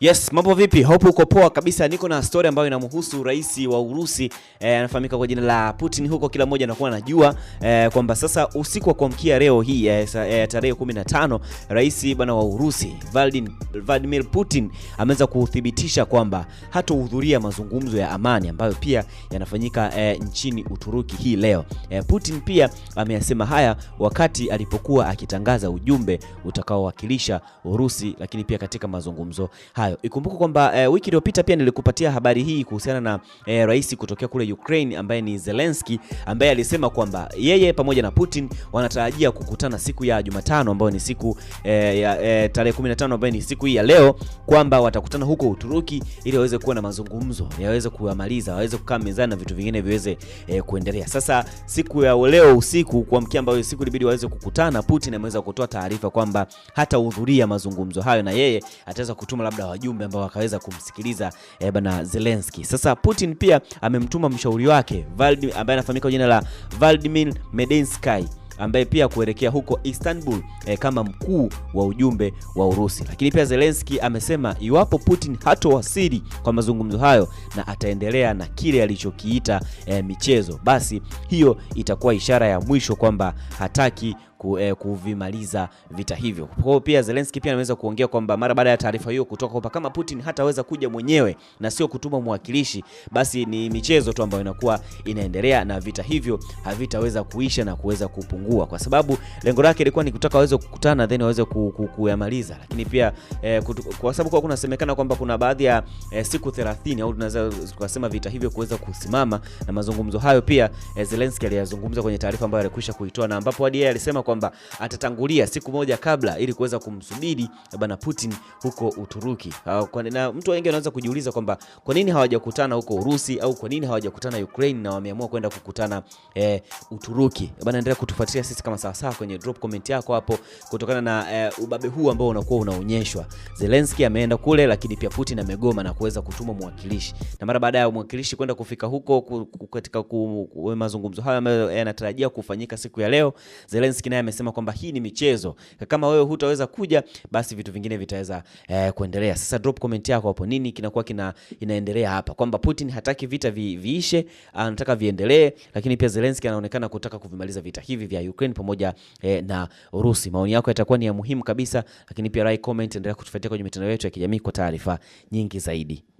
Yes, mambo vipi? Hope uko poa kabisa. Niko na story ambayo inamhusu rais wa Urusi eh, anafahamika kwa jina la Putin huko, kila mmoja anakuwa anajua eh, kwamba sasa usiku wa kuamkia leo hii eh, eh, tarehe 15 rais bwana wa Urusi Valdin, Vladimir Putin ameweza kuthibitisha kwamba hatohudhuria mazungumzo ya amani ambayo pia yanafanyika eh, nchini Uturuki hii leo. Eh, Putin pia ameyasema haya wakati alipokuwa akitangaza ujumbe utakaowakilisha Urusi, lakini pia katika mazungumzo haya hayo. Ikumbuke kwamba e, wiki iliyopita pia nilikupatia habari hii kuhusiana na e, rais kutokea kule Ukraine ambaye ni Zelensky ambaye alisema kwamba yeye pamoja na Putin wanatarajia kukutana siku ya Jumatano ambayo ni siku e, ya e, tarehe 15 ambayo ni siku hii ya leo kwamba watakutana huko Uturuki ili waweze kuwa na mazungumzo, yaweze kuamaliza, waweze kukaa mezani na vitu vingine viweze e, kuendelea. Sasa siku ya leo usiku kuamkia, ambayo siku ilibidi waweze kukutana, Putin ameweza kutoa taarifa kwamba hatahudhuria mazungumzo hayo na yeye ataweza kutuma labda wajumbe ambao wakaweza kumsikiliza eh, bana Zelensky. Sasa Putin pia amemtuma mshauri wake ambaye anafahamika kwa jina la Vladimir Medinsky ambaye pia kuelekea huko Istanbul eh, kama mkuu wa ujumbe wa Urusi. Lakini pia Zelensky amesema iwapo Putin hatowasili kwa mazungumzo hayo na ataendelea na kile alichokiita eh, michezo, basi hiyo itakuwa ishara ya mwisho kwamba hataki ku, eh, kuvimaliza vita hivyo. Kwa hiyo pia Zelensky pia anaweza kuongea kwamba mara baada ya taarifa hiyo kutoka kwamba kama Putin hataweza kuja mwenyewe na sio kutuma mwakilishi, basi ni michezo tu ambayo inakuwa inaendelea na vita hivyo havitaweza kuisha na kuweza kupungua, kwa sababu lengo lake ilikuwa ni kutaka waweze kukutana then waweze kuyamaliza, lakini pia eh, kutu, kwa sababu kwa kunasemekana kwamba kuna baadhi ya eh, siku 30 au tunaweza tukasema vita hivyo kuweza kusimama, na mazungumzo hayo pia eh, Zelensky aliyazungumza kwenye taarifa ambayo alikwisha kuitoa na ambapo hadi yeye alisema kwamba atatangulia siku moja kabla ili kuweza kumsubiri bwana Putin huko Uturuki. Ah, na mtu wengi anaweza kujiuliza kwamba kwa nini hawajakutana huko Urusi au kwa nini hawajakutana Ukraine na wameamua kwenda kukutana eh, Uturuki. Bwana, endelea kutufuatilia sisi kama sawasawa kwenye drop comment yako hapo kutokana na eh, ubabe huu ambao unakuwa unaonyeshwa. Zelensky ameenda kule, lakini pia Putin amegoma na kuweza kutuma mwakilishi, na mara baada ya mwakilishi kwenda kufika huko katika mazungumzo hayo ambayo eh, yanatarajia kufanyika siku ya leo Zelensky naye amesema kwamba hii ni michezo, kama wewe hutaweza kuja, basi vitu vingine vitaweza eh, kuendelea. Sasa drop comment yako hapo, nini kinakuwa kina, inaendelea hapa kwamba Putin hataki vita vi, viishe, anataka viendelee, lakini pia Zelensky anaonekana kutaka kuvimaliza vita hivi vya Ukraine pamoja eh, na Urusi. Maoni yako yatakuwa ni ya muhimu kabisa, lakini pia like, comment, endelea kutufuatia kwenye mitandao yetu ya kijamii kwa taarifa nyingi zaidi.